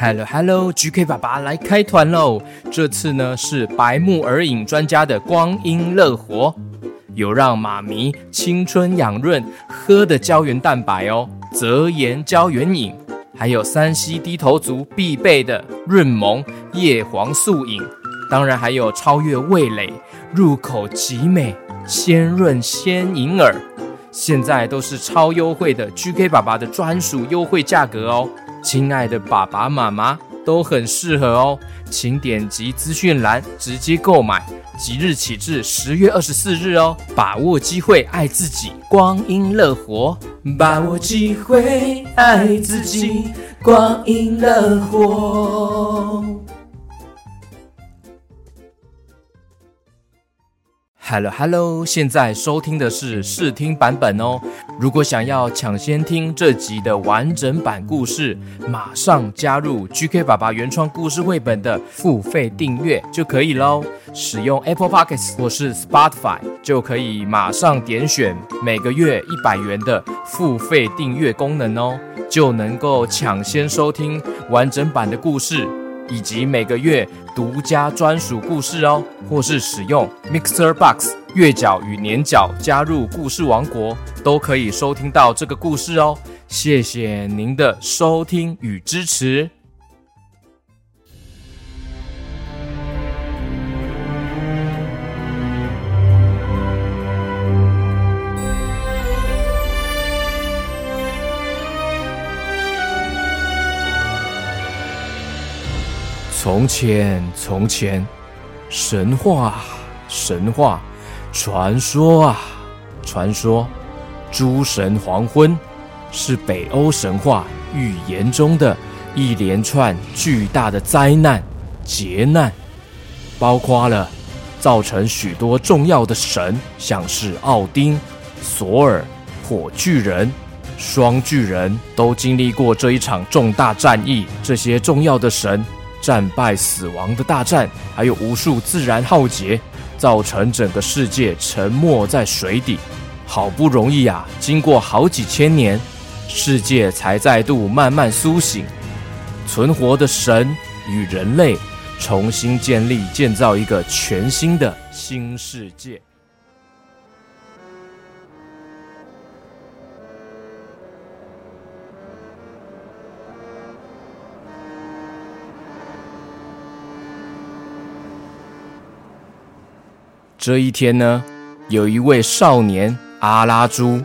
Hello Hello，GK 爸爸來開團嘍！這次呢是白木耳飲專家的光茵樂活，有讓媽咪青春養潤喝的膠原蛋白哦，澤顏膠原飲，還有 3C 低頭族必備的潤萌葉黃素飲，當然還有超越味蕾，入口極美鮮潤鮮銀耳，現在都是超優惠的，GK 爸爸的專屬優惠價格哦。親愛的爸爸媽媽都很適合哦，請點擊資訊欄直接購買，即日起至十月二十四日哦，把握機會愛自己，光茵樂活，把握機會愛自己，光茵樂活。Hello Hello，現在收聽的是試聽版本哦。如果想要搶先聽這集的完整版故事，馬上加入 GK 爸爸原創故事繪本的付費訂閱就可以嘍。使用 Apple Podcast 或是 Spotify，就可以馬上點選每個月一百元的付費訂閱功能哦，就能夠搶先收聽完整版的故事。以及每個月獨家專屬故事哦，或是使用 Mixer Box 月繳與年繳加入故事王國，都可以收聽到這個故事哦。謝謝您的收聽與支持。從前，從前，神話，神話，傳說啊，傳說，諸神黃昏是北歐神話預言中的一連串巨大的災難劫難，包括了造成許多重要的神，像是奧丁、索爾、火巨人、雙巨人，都經歷過這一場重大戰役。這些重要的神。戰敗、死亡的大戰，還有無數自然浩劫，造成整個世界沉沒在水底。好不容易啊，經過好幾千年，世界才再度慢慢蘇醒。存活的神與人類，重新建立、建造一個全新的新世界。這一天呢，有一位少年阿拉豬，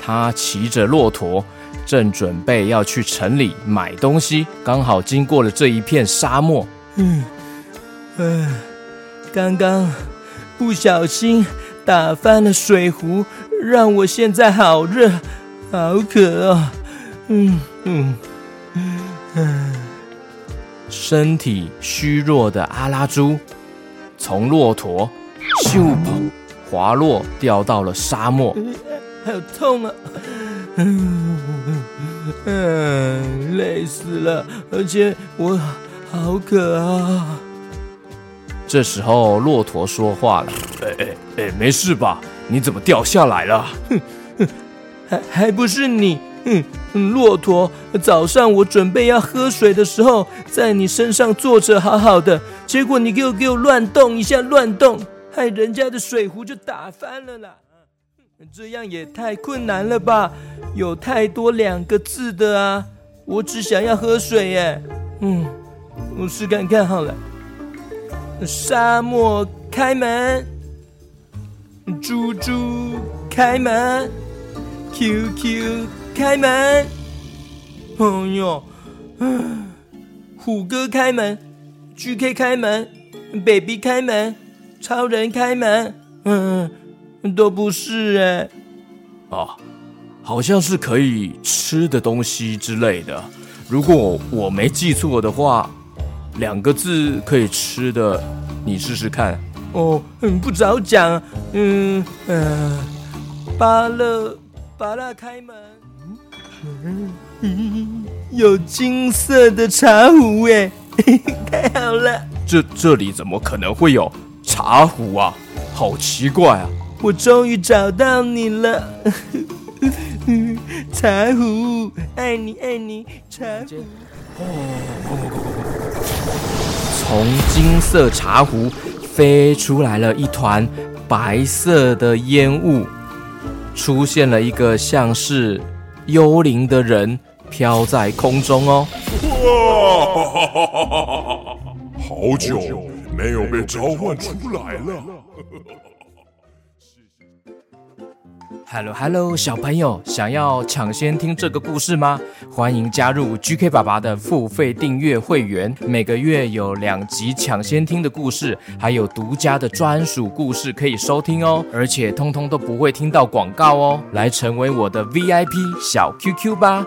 他騎着駱駝，正準備要去城裡買東西，剛好經過了這一片沙漠。嗯，哎、呃，剛剛不小心打翻了水壺，讓我現在好熱，好渴啊、哦！嗯嗯嗯，呃、身體虛弱的阿拉豬從駱駝。就跑，滑落掉到了沙漠。呃，好痛啊！嗯，累死了，而且我好渴啊！這時候駱駝說話了：“哎哎哎，沒事吧？你怎麼掉下來了？還還不是你？哼、嗯，駱駝，早上我準備要喝水的時候，在你身上坐着好好的，結果你給我給我亂動一下，亂動。”哎，人家的水壺就打翻了啦，這樣也太困難了吧？有太多兩個字的啊，我只想要喝水耶。嗯，我試試看看好了。沙漠開門，豬豬開門，QQ 開門，朋友，虎哥開門，GK 開門，Baby 開門。超人開門，嗯，都不是哎、欸，哦、啊，好像是可以吃的東西之類的。如果我沒記錯的話，兩個字可以吃的，你試試看。哦，不早講，嗯嗯、啊，芭樂芭樂開門，嗯，嗯，有金色的茶壺哎、欸，太好了，這這裡怎麼可能會有？茶壺啊，好奇怪啊！我終於找到你了，嗯，茶壺，愛你愛你茶壺。從金色茶壺飛出來了一團白色的煙霧，出現了一個像是幽靈的人飄在空中哦。哇，好久，沒有被召喚出來了。哎、來了 Hello Hello，小朋友，想要搶先聽這個故事嗎？歡迎加入 GK 爸爸的付費訂閱會員，每個月有兩集搶先聽的故事，還有獨家的專屬故事可以收聽哦，而且通通都不會聽到廣告哦。來成為我的 VIP 小 QQ 吧。